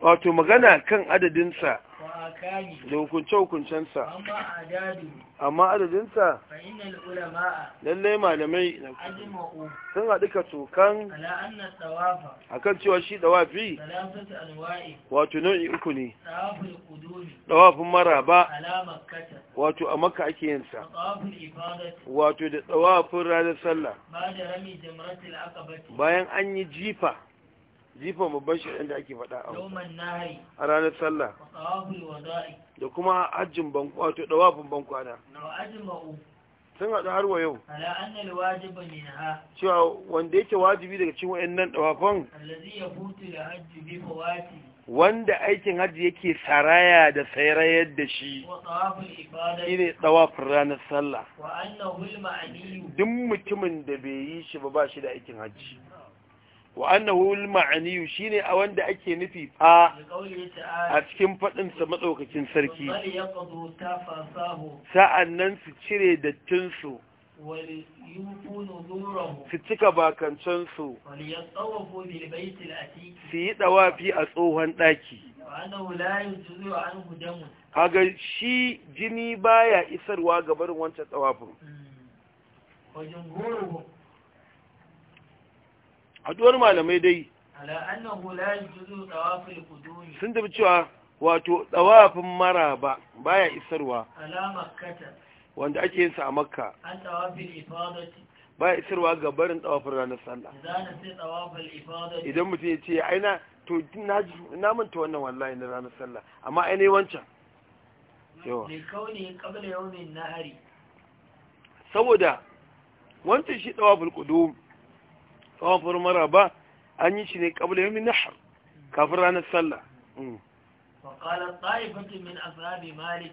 wato magana kan adadinsa da hukunce-hukuncensa amma adadinsa lallai malamai sun haɗu ka tokan a kan cewa shi ɗawafi wato nau'i uku ne ɗawafin maraba wato a maka ake yinsa wato da ɗawafin ranar sallah bayan an yi jifa jifa babban shaɗan da ake faɗa a ranar sallah da kuma ajin hajjin wato ɗawafin bankwana sun haɗu har wa yau cewa wanda yake wajibi daga cikin nan ɗawafin wanda aikin hajji yake saraya da sairayar da shi ne ɗawafin ranar sallah duk mutumin da bai yi shi ba ba shi da aikin hajji wa annahu al-ma'ani shine a wanda ake nufi fa a cikin fadin sa matsaukakin sarki sa'annan su cire dattin su su cika bakancan su su yi dawafi a tsohon daki kaga shi jini baya isarwa gabar wancan tsawafin haduwar malamai dai sun tafi cewa wato tsawafin maraba baya isarwa wanda ake yinsa a makka baya isarwa ga barin tsawafin ranar sallah idan mutum ya ce aina to na manta wannan wallahi na ranar sallah amma ainihin wancan yawa saboda wancan shi tsawafin kudu. tsawon mara ba an yi shi ne kabla na nahar kafin ranar sallah mm.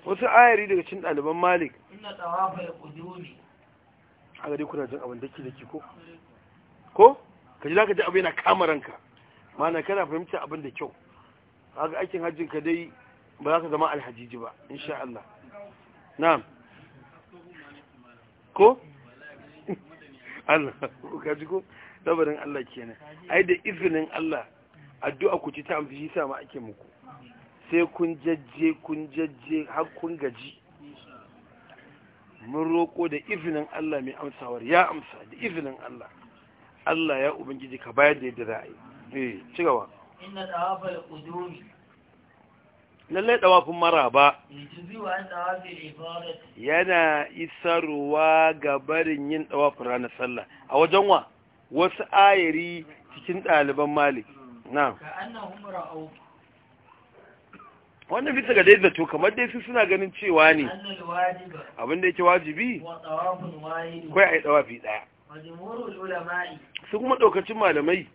wasu ayari daga cin ɗaliban malik a gari kuna jin abin daki daki ko ko ka ji za ka ji abin yana kamaranka ranka mana kana fahimta abin da kyau haka aikin hajjin ka dai ba za ka zama alhajiji ba insha Allah na'am ko Allah ka ji ko sabarin Allah kenan ai da izinin Allah addu'a ku ci ta amfi shi sama ake muku sai kun jajje kun jajje har kun gaji mun roko da izinin Allah mai amsawar ya amsa da izinin Allah Allah ya ubangiji ka bayar da yadda za yi eh ci gaba inna tawafal qudumi lallai tawafin maraba yana isarwa ga barin yin tawafin ranar sallah a wajen wa wasu ayari cikin ɗaliban malik na wannan bisa ga daidai to kamar dai su suna ganin cewa ne abinda yake wajibi kai a yi ɗawafi ɗaya su kuma ɗaukacin malamai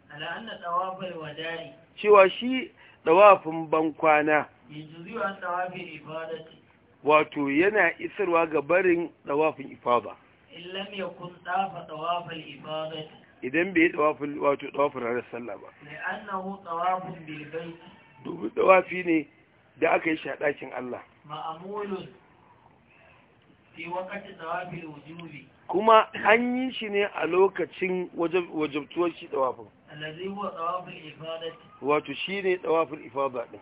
cewa shi ɗawafin bankwana wato yana isarwa ga barin ɗawafin ifaba idan bai yi tawafin wato tawafin ranar sallah ba dubu tawafi ne da aka yi shaɗakin Allah kuma an yi shi ne a lokacin wajabtuwar shi tawafin wato shi ne tawafin ifada ɗin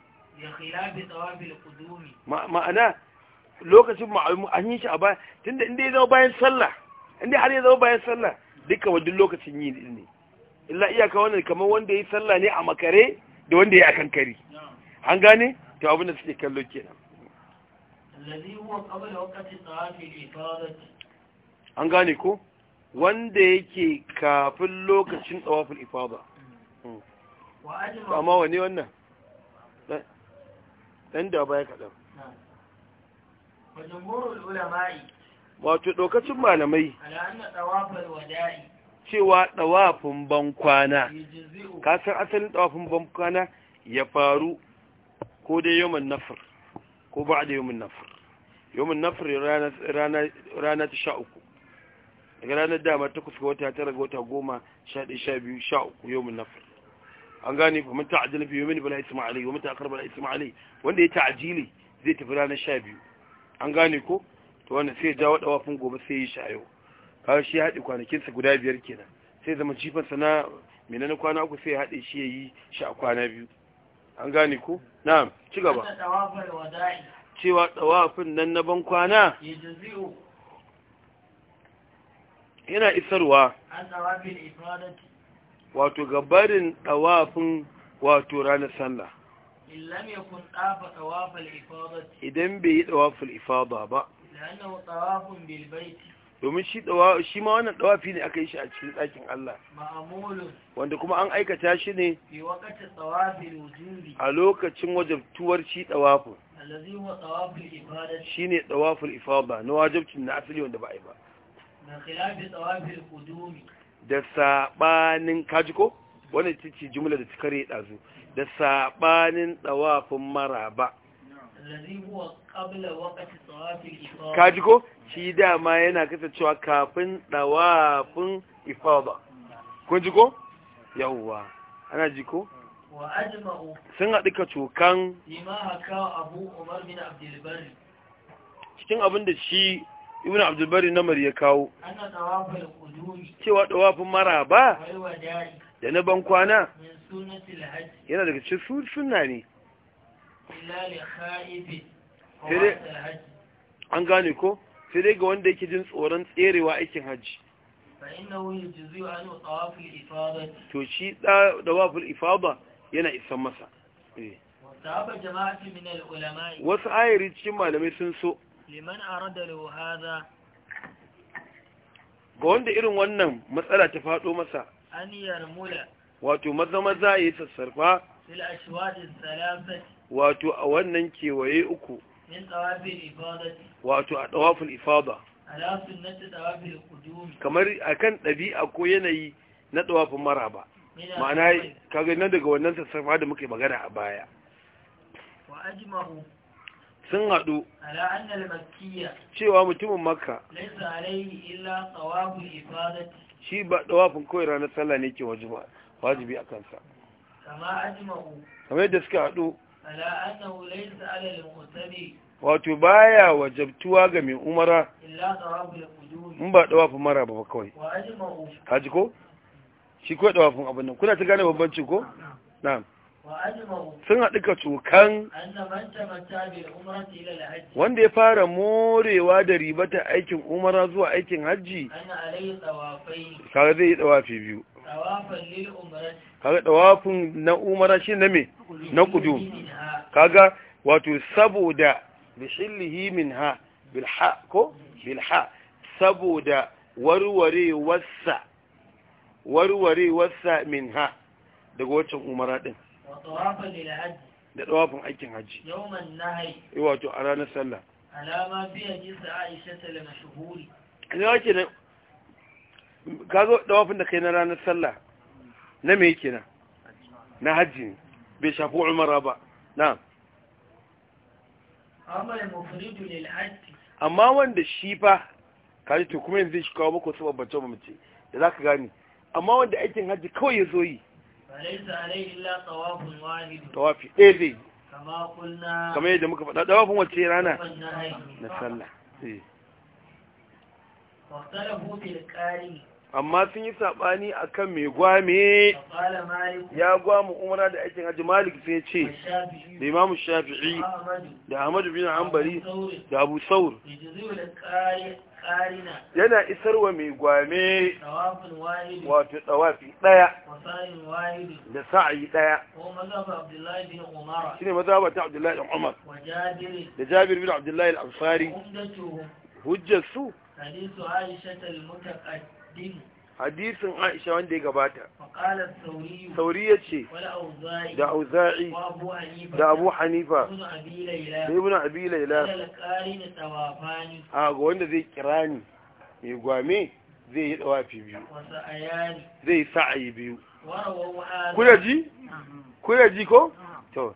ma'ana lokacin ma'amulun an yi shi a baya tunda inda ya zama bayan sallah inda har ya zama bayan sallah duka wa duk lokacin yi ne illa iyaka wannan kamar wanda ya sallah ne a makare da wanda ya akan an gane to abin da suke kallo kenan an gane ko wanda yake kafin lokacin tsawafin ifada hmm. Hmm. amma wane wannan ɗan da baya kaɗan wato ɗaukacin malamai cewa ɗawafin bankwana kasan asalin ɗawafin bankwana ya faru ko dai yawon nafir ko ba da yawon nafir yawon nafir rana ta sha uku daga ranar dama takwas ga wata tara ga wata goma sha ɗaya sha biyu sha uku yawon nafir an gane ba mun ajiyar biyu mini bala isma'ali alai wa mata akar bala isma'ali wanda ya ta'ajili zai tafi ranar sha biyu an gane ko to wannan sai ya jawo dawafin gobe sai ya shayo kawai shi ya haɗe kwanakinsa guda biyar kenan sai zama jifansa na Menene kwana uku sai ya haɗe shi ya yi shi a kwana biyu an gane ko na'am ci gaba cewa dawafin nan na ban kwana yana isarwa wato gabarin dawafin wato ranar sallah idan bai yi dawafin ifada ba domin shi ma wannan dawafi ne aka yi shi a cikin ɗakin Allah wanda kuma an aikata shi ne a lokacin wajabtuwar shi dawafin shi ne dawafin ifaba na wajabcin na asali wanda ba a yi ba da saɓanin kajiko wanda ta ce jimla da ta kare ɗazu da saɓanin dawafin maraba kajiko shi dama yana kasancewa kafin dawafin ifaba kun ji ko yawwa ana ji ko sun haɗi ka cokan cikin abin da shi ibn abdulbari mari ya kawo cewa dawafin maraba da na bankwana yana daga cikin suna ne an gane ko sai dai ga wanda yake jin tsoron tserewa aikin hajji to shi dawaful ifada yana isan masa eh. wasu ayari cikin malamai sun so ga wanda irin wannan matsala ta faɗo masa wato maza maza ya yi sassarfa wato a wannan kewaye uku wato a ɗawafin ifada kamar a kan ɗabi'a ko yanayi na ɗawafin maraba ma'ana kaga nan daga wannan sassarfa da yi magana a baya sun haɗu cewa mutumin makka shi ba ɗawafin kawai ranar sallah ne ke wajen ba wajibi a kansa kamar yadda suka haɗu wato baya wajabtuwa ga mai umara in ba ɗawafin mara ba kawai haji ko shi kawai ɗawafin abin nan kuna ta gane babbanci ko na sun haɗu ka cokan wanda ya fara morewa da ribata aikin umara zuwa aikin hajji kawai zai yi ɗawafi biyu kaga tawafin na umara shi na me na kudu kaga wato saboda bishillihi ha bilha ko bilha saboda warwarewarsa warwarewarsa ha daga waccan umara din da tawafin aikin haji yawon nahi wato a ranar sallah alama biyan yisa aisha ta la ka zo dawafin da kai na ranar sallah na mai kina na na hajji ne bai shafi umara ba na amma wanda shi fa kaji to kuma yanzu shi kawo mako su babbace ba mace da za ka gani amma wanda aikin hajji kawai ya zo yi tawafi ɗaya zai kama yadda muka faɗa tawafin wacce rana na sallah eh. amma sun yi saɓani a kan mai gwame ya gwamu umara da aikin hajji malik sai ce da imamu shafi'i da ahmadu bin hanbali da abu saur yana isarwa mai gwame wato tsawafi ɗaya da sa'ayi ɗaya shi ne mazaba ta abdullahi ɗan umar da jabir bin abdullahi al'amfari hujjarsu hadisu aisha al-mutaqaddim hadisin aisha wanda ya gabata sauri ya ce da auza'i da abu hanifa da ibn abi laila a ga wanda zai kira ni mai gwame zai yi tsawafi biyu zai yi sa'ayi biyu kuda ji kuda ji ko to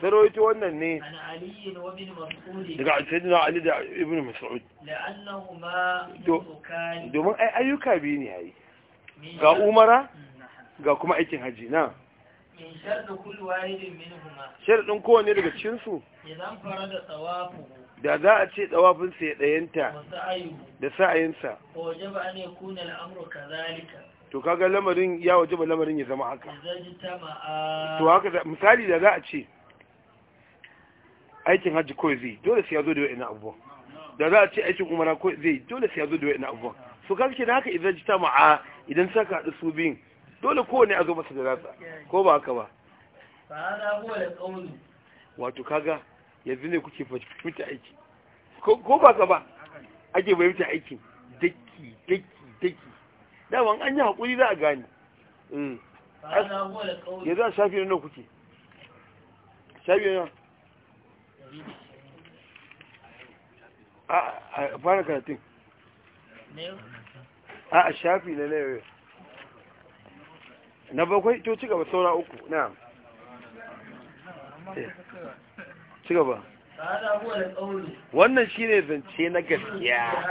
سرويت وانا ني عن علي وابن مسعود دقا سيدنا علي ayyuka ابن مسعود yayi. متكان دوما أي أيوكا بيني هاي غا أمرا غا كما كل واحد منهما daga da za a ce tawafin sai dayanta da sa'ayinsa ko jaba ne kunal amru to kaga lamarin ya waje ba lamarin ya zama haka to haka misali da za a ce aikin hajji ko zai dole sai ya zo da wa'in abu da za a ce aikin umara ko zai dole sai ya zo da wa'in abubuwan su kaga ke da haka idan ji tama'a idan saka haɗu su biyun dole kowane a zo masa da ratsa ko ba haka ba wato kaga yanzu ne kuke fita aiki ko ba ka ba ake bai fita aiki daki daki daki daman an yi haƙuri za a gani ya za a shafi nan kuke shafi nan a fara karatun a a shafi na na na bakwai to cigaba saura uku na eh. cigaba wannan shine zance na gaskiya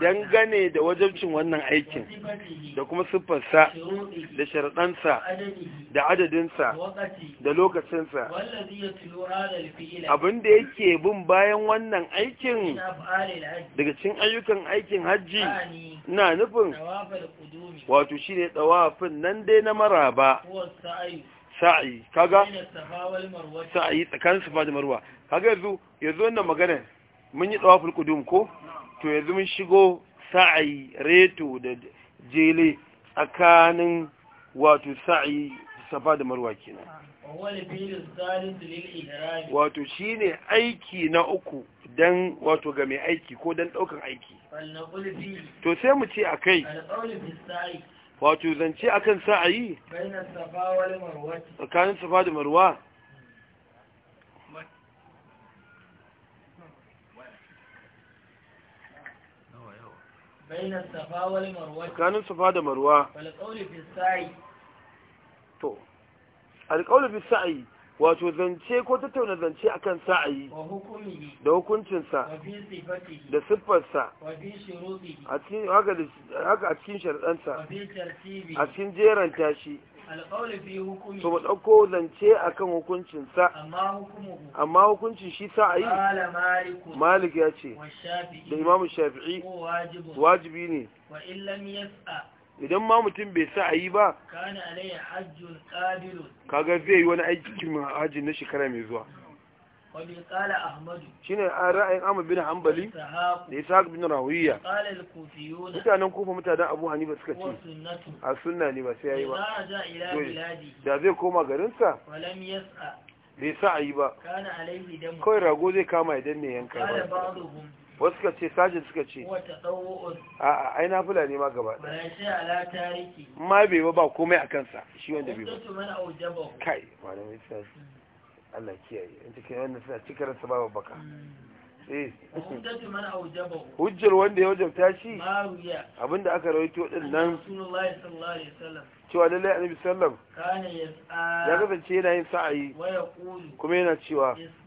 dangane da wajabcin wannan aikin da kuma siffarsa da sharaɗansa da adadinsa da lokacinsa abinda yake bin bayan wannan aikin daga cin ayyukan aikin hajji na nufin wato shine tsawafin nan dai na maraba sa'i kaga sa'i tsakanin safa da marwa kaga yanzu yanzu wannan magana mun yi tsawafin qudum ko to yanzu mun shigo sa'i reto da jele tsakanin wato sa'i safa da marwa kenan wato shine aiki na uku dan wato ga mai aiki ko don ɗaukan aiki to sai mu ce akai wato zance akan sa'ayi tsakanin safa da marwa tsakanin safa da marwa alƙaunin fi sa'ayi to alƙaunin fi sa'ayi wato zance ko tattauna zance akan sa'ayi da hukuncinsa da siffarsa haka a cikin sharɗansa a cikin jeran tashi to ba ɗauko zance akan hukuncinsa amma hukuncin shi sa'ayi malik ya ce da imamu shafi'i wajibi ne idan ma mutum bai sa a yi ba kaga zai yi wani cikin hajji na shekara mai zuwa shi ne a ra'ayin amur bin hambali da ya sa bin rahuriya mutanen kofa mutanen abu hanifa suka ce a sunna ne ba sai ya yi ba da zai koma garinsa bai sa a yi ba kawai rago zai kama idan ne yanka ba wasu suka ce sajin suka ce a aina fula ne ma gaba ma bai ba ba komai a kansa shi wanda bai ba kai mai sa Allah kiyaye in cikin wanda suna cikar su ba baka hmm. eh. hujjar wanda ya wajabta shi abinda aka rawaito din nan cewa lallai annabi sallam ya kasance yana yin sa'ayi kuma yana cewa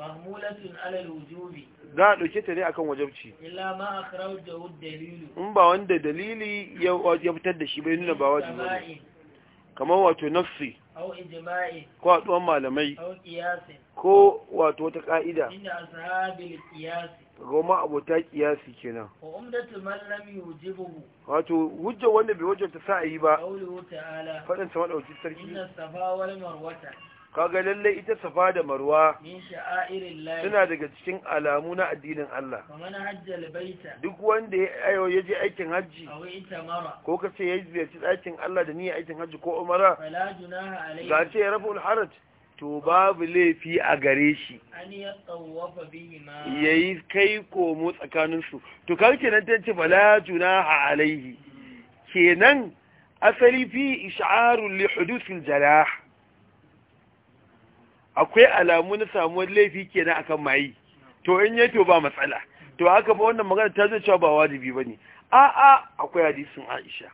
mahmulatun alal wujubi za a ɗauke ta ne akan wajabci illa ma akhrajahu dalilu in ba wanda dalili ya fitar da shi bai nuna ba wajibi ne kamar wato nafsi ko haɗuwan malamai ko wato wata ƙa'ida goma abota kiyasi kenan wato hujja wanda bai wajabta sa'ayi ba faɗin sama ɗauki sarki Inna Safa kaga lalle ita safa da marwa suna daga cikin alamu na addinin Allah duk wanda ya yaje aikin hajji ko ka ce ya ziyarci dakin Allah da niyyar aikin hajji ko umara ga ce ya rafa to babu laifi a gare shi ya yi kai komo tsakaninsu to kawai kenan ta ce bala juna a alaihi kenan asali fi isha'arun li hudusin jalah akwai alamu na samuwar laifi kenan akan mayi to in yayi to ba matsala to haka ba wannan magana ta zai cewa ba wajibi bane a a akwai hadisin Aisha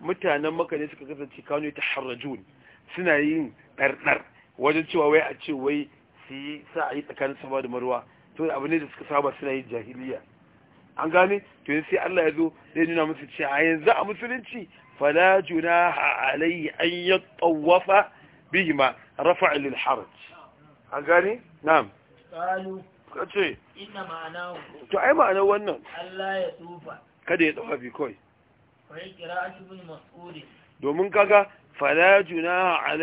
mutanen Makanin suka kasance kanu ta harajun suna yin ɗarɗar wajen cewa wai a ce wai su yi sa a yi tsakanin sama da marwa to abu ne da suka saba suna yin jahiliya an gane to sai Allah ya zo zai nuna musu cewa yanzu a musulunci fala junaha alai an yatawafa bihima rafa'a lil haraj an gane na'am qalu kace inna ma'anahu to ai ma'anar wannan Allah ya tsufa kada ya tsufa bi koi fa qira'atu ibn mas'ud domin kaga fala junaha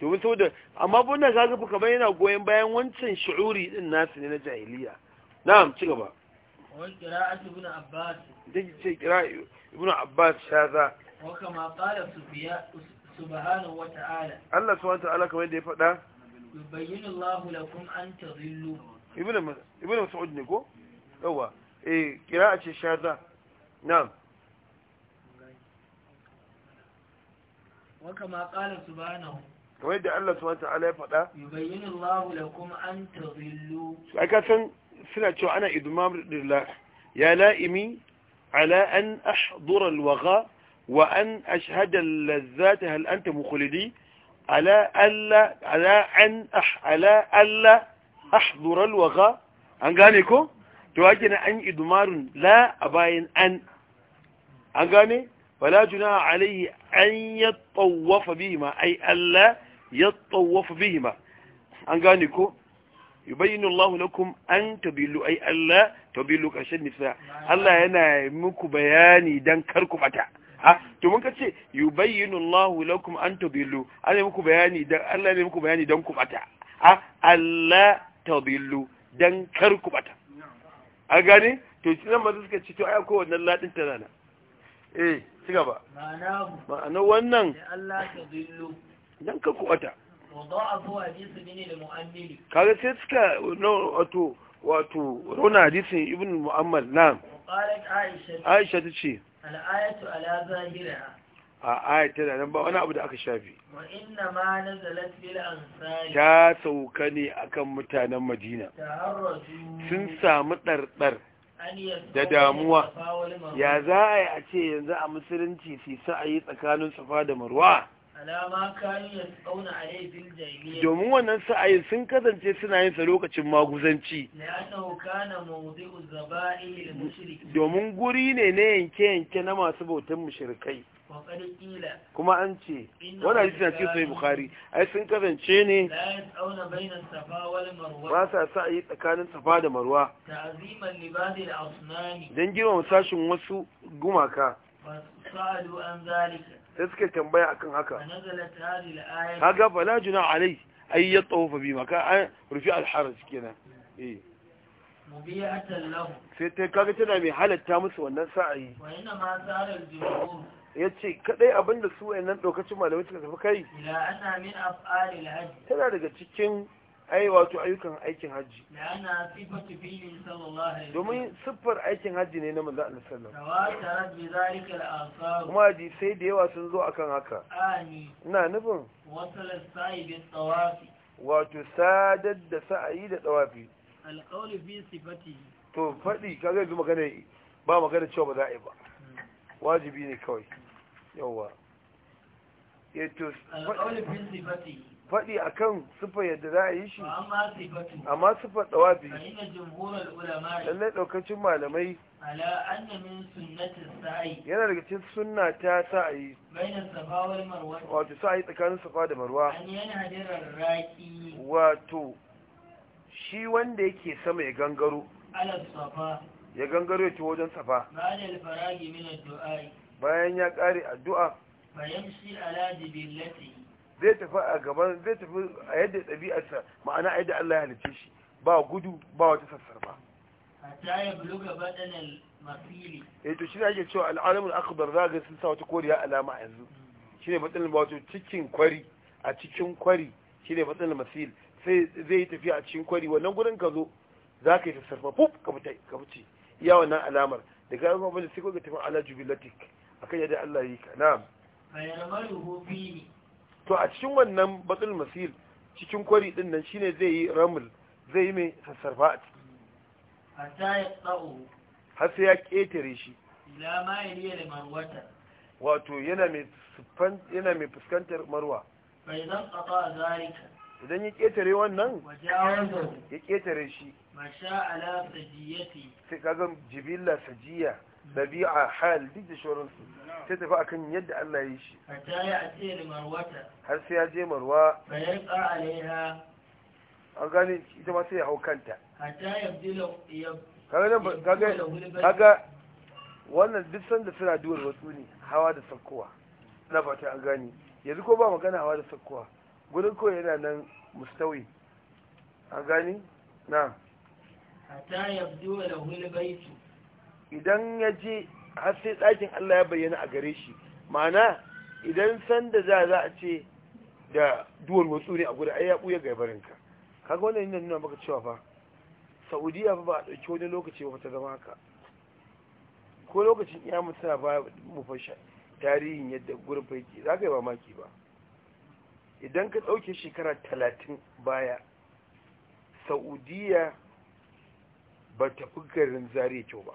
domin saboda amma bunda kaga fa kamar yana goyen bayan wancan shu'uri din nasu ne na jahiliya na'am ci gaba wa qira'atu ibn abbas dai ce qira'atu ibn abbas shaza وكما قال سبحانه وتعالى الله سبحانه وتعالى كما يدي فتا يبين الله لكم أن تظلوا يبين مسعود نكو هو إيه، قراءة الشهادة نعم وكما قال سبحانه وين دي الله سبحانه وتعالى فدا يبين الله لكم ان تضلوا اي كان سنا تشو انا ادمام لله يا لائمي على ان احضر الوغى wa an ashhada lazzata hal anta mukhlidi ala alla ala an ala alla ahdura alwaga an gane ko to ake na an idmarun la a an an gane wala juna alayhi an yattawafa bihima ay alla yattawafa bihima an gane ko yubayyinu Allahu lakum an tabillu ay alla tabillu kashin nisa Allah yana muku bayani dan karku fata. ha ah, to mun ka ce yubayyinu Allahu lakum an tudillu Allah muku bayani dan Allah ne muku bayani dan ku bata ha ah, Allah tudillu dan kar ku bata a gane to shi nan mazu suka ce to ai ko wannan ladin ta nana eh ci gaba ma'ana wannan Allah tudillu dan kar ku bata wada'afu hadith ne al-mu'ammil kaga sai suka wato wato rauna hadisin ibn mu'ammal na'am qalat aisha aisha tace al'ayatu ala zahira a ayat tana nan ba wani abu da aka shafi wa inna ma nazalat bil ansari ta sauka ne akan mutanen Madina sun samu dardar da damuwa ya za a yi a ce yanzu a musulunci su sa a yi tsakanin safa da marwa domin wannan sa'ayi sun kasance suna yin sa lokacin maguzanci domin guri ne na yanke-yanke na masu bautan mashirkai kuma an ce wadda jisina ce sai bukari ai sun kasance ne ba sa sa'ayi tsakanin safa da marwa don girma sashin wasu gumaka sai suka tambaya akan haka kaga bala juna alai ya tsofa bi maka an rufi alharar haraj kenan eh sai ta kaga tana mai halatta musu wannan sa'ayi ya ce kadai abinda su wayannan dokacin malamai suka tafi kai tana daga cikin ai wato ayyukan aikin hajji domin siffar aikin hajji ne na manzo Allah sallallahu kuma haji sai da yawa sun zo akan haka ina nufin wato sadar da sa'ayi da tsawafi to faɗi zai zuma magana ba magana cewa ba za a yi ba hmm. wajibi ne kawai yawa eh, fi sifati faɗi akan sufa yadda za a yi shi amma sufa ɗawafi lallai ɗaukacin malamai yana daga cikin suna ta sa'ayi wato sa'ayi tsakanin safa da marwa wato shi wanda yake sama ya gangaro ya gangaro ya ci wajen safa bayan ya ƙare addu'a zai tafi a gaban zai tafi a yadda ɗabi'arsa ma'ana yadda Allah ya halice shi ba gudu ba wata sassarfa hatta ya buluga badanan mafili eh to shine ake cewa al'alamul akbar zaga sun sa wata koriya alama yanzu shine badanan ba wato cikin kwari a cikin kwari shine badanan masil sai zai tafi a cikin kwari wannan gurin ka zo za ka yi sassarfa fuf ka ka fice iya wannan alamar daga an kuma sai ko ga tafi ala jubilatik kan yadda Allah yi ka na. fa yarmaluhu fihi to a cikin wannan batsul masil cikin kwari din nan shine zai yi ramul zai yi mai sassarfa a ciki har sai ya ƙetare shi wato yana mai fuskantar marwa idan ya ƙetare wannan ya ƙetare shi sai kaga jibilla sajiya dabi'a hal duk da su sai tafi akan yadda Allah ya yi shi har sai ya je marwa an gane ita ma sai ya hau kanta kaga wannan duk sanda suna duwar wasu ne hawa da sakkowa na fata an gane yanzu ko ba magana hawa da sakkowa gudun ko yana nan mustawi an gane na hatta yabdu lahu albaytu idan ya je har sai ɗakin Allah ya bayyana a gare shi ma'ana idan sanda da za a ce da duwar watsu ne a guda ai ya buya ga barinka kaga wannan yana nuna maka cewa fa saudiya ba a ɗauki wani lokaci ba ta zama haka ko lokacin iya ba mu fasha tarihin yadda gurin faiki za ka yi mamaki ba idan ka ɗauke shekara talatin baya saudiya ba ta fi garin zariya kyau ba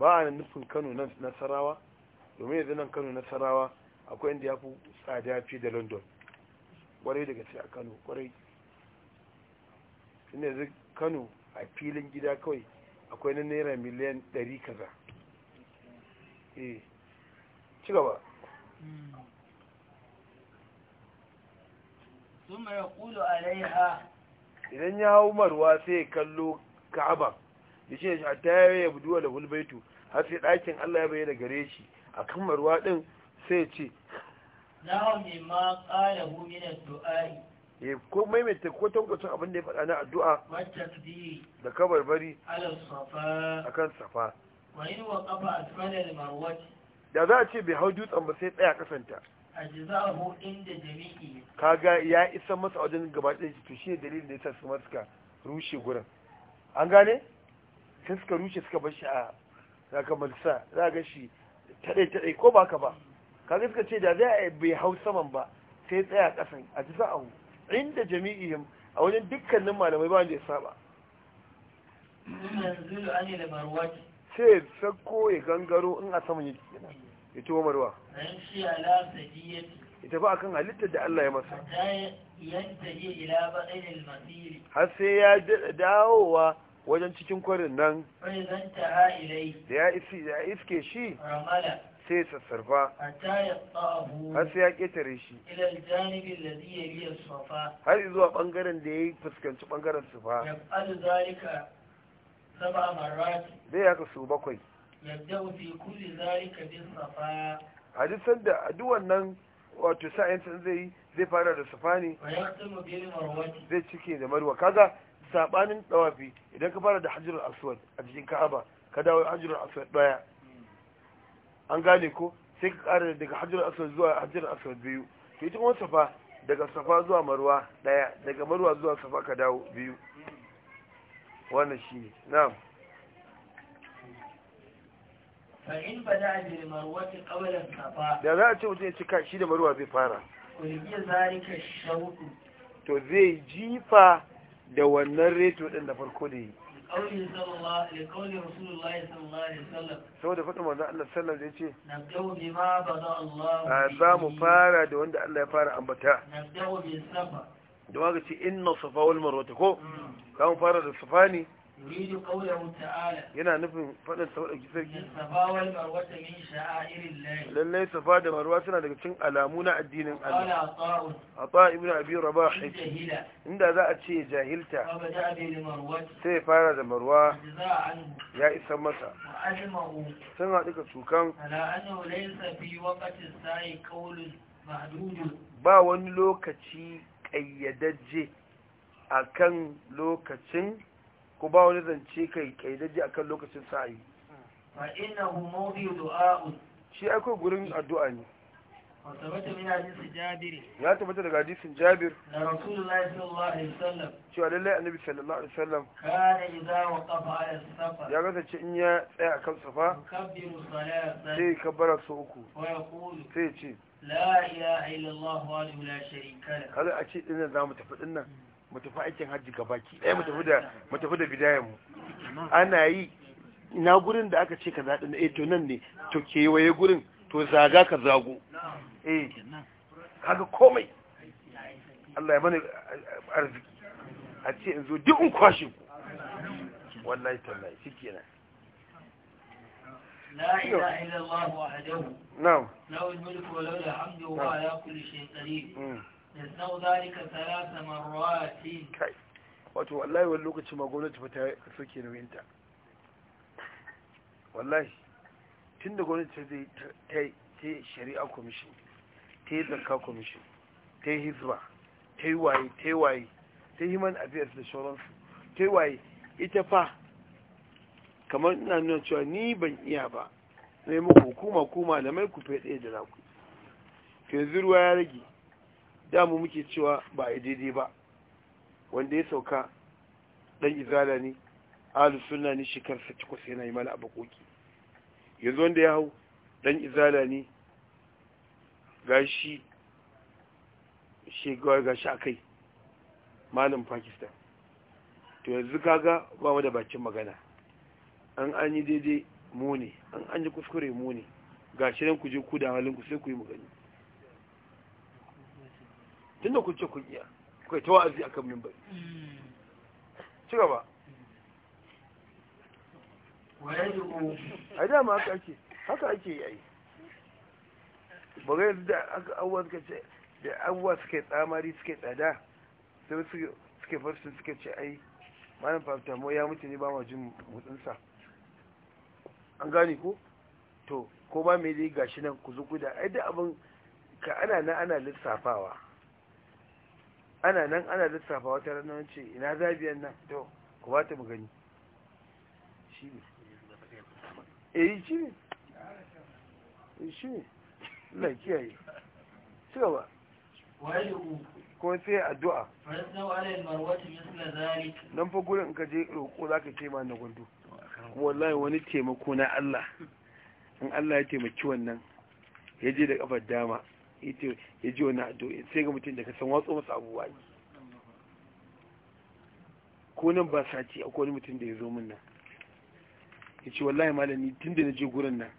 ba a nufin kano na nasarawa domin yanzu nan kano nasarawa akwai inda ya fi tsada fi da london kwarai daga sai a kano kwarai inda yanzu kano a filin gida kawai akwai na naira miliyan 100 kaza e ci gaba idan ya hau marwa sai kallo ka'aba shi yace hatta ya buduwa da hulbaitu har sai ɗakin Allah ya bayyana gare shi a kan marwa ɗin sai ce na'am ma qala hu min ad E, eh, ko maimaita ko tankwacin abin da ya faɗa na addu'a da ka kabarbari a kan safa Wa a da za a ce bai hau dutsen ba sai tsaya kasanta jami'i. kaga ya isa masa wajen gabaɗin shi to shi ne dalilin da ya sa su masu ka rushe gurin an gane sai suka rushe suka bashi a za za ga shi taɗai ko ba ka ba ka suka ce da za bai hau saman ba sai tsaya ƙasan a ji sa'ahu inda jami'ihim a wajen dukkanin malamai ba wanda ya saba sai sako ya gangaro in a saman yake kenan ya tuwo marwa ita ba kan halittar da Allah ya masa har sai ya dawowa wajen cikin kwarin nan da ya iske shi sai ya sassarfa har sai ya ƙetare shi har zuwa ɓangaren da ya fuskanci ɓangaren sufa zai yaka su bakwai a duk sanda a duk wannan wato sa'in zai zai fara da sufa ne zai cike da marwa kaga sabanin tsawafi idan ka fara da hajjar aswad a cikin ka'aba ka dawo hajjar aswad daya an gane ko sai ka kare daga hajjar aswad zuwa hajjirul aswad biyu to ita kuma safa daga safa zuwa marwa daya daga marwa zuwa safa ka dawo biyu wannan shi na'am fa'in bada bil marwati qawlan safa da za a ce mutum ya cika shi da marwa zai fara kulli zalika shawdu to zai jifa da wannan reto din da farko da yi sau da faɗin wanzan Allah sallam zai ce za mu fara da wanda Allah ya fara ambata da waka ce inna safa wal ko mm. za mu fara da safa ne yuridu qawluhu ta'ala yana nufin fadin saudaki sarki sabawal marwata min sha'airillahi lalle safa da marwa suna daga cikin alamu na addinin Allah ata ibnu abi rabah inda za a ce jahilta sai fara da marwa ya isa masa sun haɗu ka tukan ba wani lokaci ƙayyadajje a kan lokacin ko ba wani zance kai kaidaji akan lokacin sa'ayi fa innahu mawdi'u du'a'un shi akwai gurin addu'a ne ya tabbata daga hadisin jabir na rasulullahi sallallahu alaihi wasallam cewa lallai annabi sallallahu alaihi wasallam kana idza waqafa ala safa ya kasance in ya tsaya akan safa kabbiru salatan sai kabbara su uku wa yaqulu sai ce la ilaha illallah wa la sharika lahu kada a ce dinnan zamu tafi dinnan hmm. mu tafi aikin hajji ga baki ɗaya mu tafi da mu tafi da bidayan mu ana yi na gurin da aka ce ka zaɗi na eh, to nan ne to kewaye gurin to zaga ka zago eh kaga komai Allah ya bani arziki a ce in zo duk in kwashe ku wallahi tallahi shikenan لا إله إلا الله وحده له الملك وله الحمد وهو على كل شيء قدير kai wato wallahi wani lokaci ma gwamnati ta soke nauyinta wallahi tun da gwamnati ta yi shari'a komishin ta yi zarka komishin ta yi hizba ta yi waye ta yi waye ta yi himan affairs da shauransu ta yi waye ita fa kamar ina nuna cewa ni ban iya ba na yi muku hukuma kuma da mai ku fai da da ku. yanzu ruwa ya rage damu muke cewa ba a daidai ba wanda ya sauka dan izala ne ahlus suna ne shekar sa cikwas yana yi mana abakoki yanzu wanda ya hau dan izala ne gashi shekawar gashi a kai malam pakistan to yanzu kaga ba mu da bakin magana an an yi daidai mu ne an an yi kuskure mu ne gashi nan ku je ku da halin ku sai ku yi magana tun da kun ce kun iya kai ta wa'azi akan mimbar ci gaba a dama haka ake haka ake yayi ba da yadda aka suka ce da abuwa suka yi tsamari suka yi tsada sai suka farsu suka ce ai malam mo ya mutu ne ba ma jin motsinsa an gane ko to ko ba mai dai gashi nan ku zuku da ai da abin ka ana na ana lissafawa ana nan ana lissafa wata ranar wance ina zabiyan nan to ku ba ta mu gani shi ne eh shi ne eh shi ne Allah kiyaye ci ba ko sai addu'a nan fa gurin in ka je roƙo za ka taimaka na gudu wallahi wani taimako na Allah in Allah ya taimaki wannan ya je da kafar dama ya ji wani ado sai ga mutum da ka san watsa masu abubuwa yi ko nan ba sati akwai wani mutum da ya zo min nan ya ce wallahi malami tun da na je gurin nan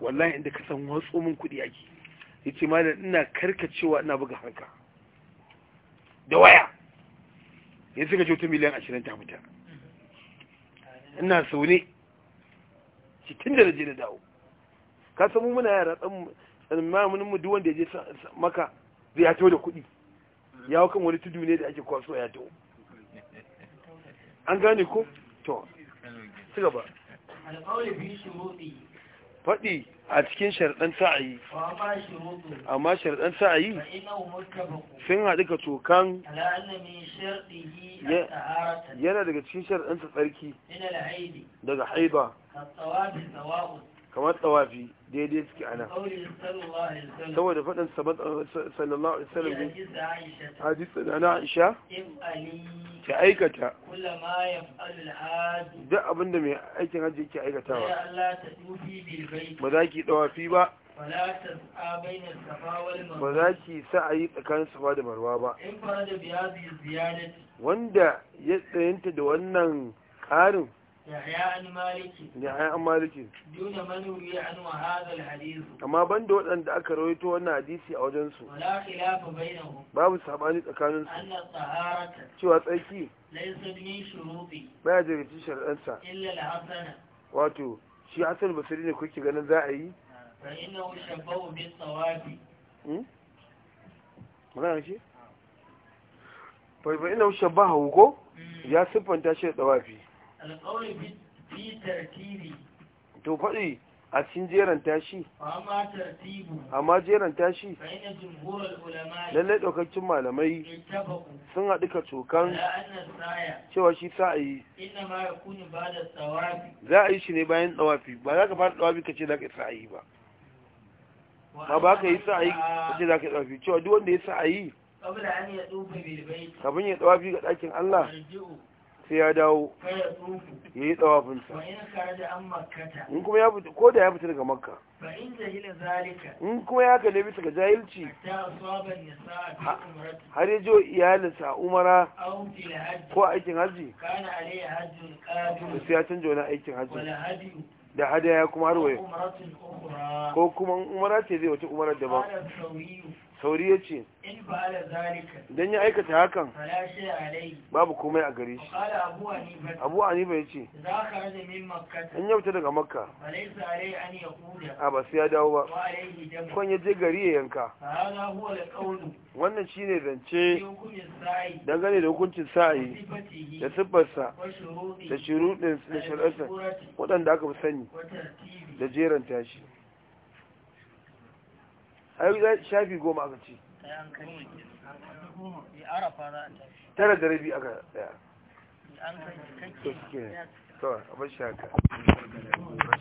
wallahi inda ka san watsa min kudi ake ya ce malam ina karkacewa ina buga harka da waya ya suka ce wata miliyan ashirin ta mutum ina sau ne shi tun da na je na dawo ka samu muna yara imamin mu duk wanda ya je maka zai ya da kuɗi ya hau kan wani tudu ne da ake kwaso ya to an gane ko to su gaba faɗi a cikin sharɗan sa'ayi amma sharɗan sa'ayi sun haɗu ka tokan yana daga cikin sharɗansa tsarki daga haiba kamar tsawafi daidai suke ana saboda faɗin sallallahu alaihi wasallam eh, hadisi da na Aisha ta aikata duk abinda mai aikin hajji yake aikatawa ba za ki tsawafi ba ba za ki yi tsakanin safa da marwa ba wanda ya tsayanta da wannan ƙarin yahya an maliki yahya an maliki duna manuri an wa hadha alhadith amma banda waɗanda aka rawaito wannan hadisi a wajen su wala khilafa bainahum babu sabani tsakanin su anna taharata cewa tsaki laysa min shuruti baya daga cikin sharadan sa illa alhasana wato shi hasan basri ne kuke ganin za a yi fa innahu shabahu bis sawabi hmm? magana ce fa innahu shabahu ko hmm. ya siffanta shi da tsawafi alƙawli fi tartibi to faɗi a cikin jeran tashi amma jeran tashi lalle ɗaukacin malamai sun haɗu ka cokan cewa shi sa a yi za a yi shi ne bayan ɗawafi ba za ka fara ɗawafi ka ce za ka yi sa'ayi ba ba ba ka yi sa a yi. ka ce za ka yi ɗawafi cewa duk wanda ya sa a sa'ayi kafin ya ɗawafi ga ɗakin Allah sai ya dawo ya yi tsawafinsa in kuma ya fito ko da ya fita daga makka in kuma ya kalle bisa ga jahilci har ya jo iyalinsa a umara ko aikin hajji sai ya canja wani aikin hajji da hadaya kuma har ko kuma umara ce zai wata Umarar daban sauri ya ce don ya aikata hakan babu komai a gare shi abu anifa ya ce in ya fita daga makka a ba su ya dawo ba kwan ya je gari ya yanka wannan shi ne zance dangane da hukuncin sa'ayi da siffarsa da shirudin da shirarsa waɗanda aka fi sani da jeranta shi ayoyi za shafi goma aka ce tara da rabi aka daya to a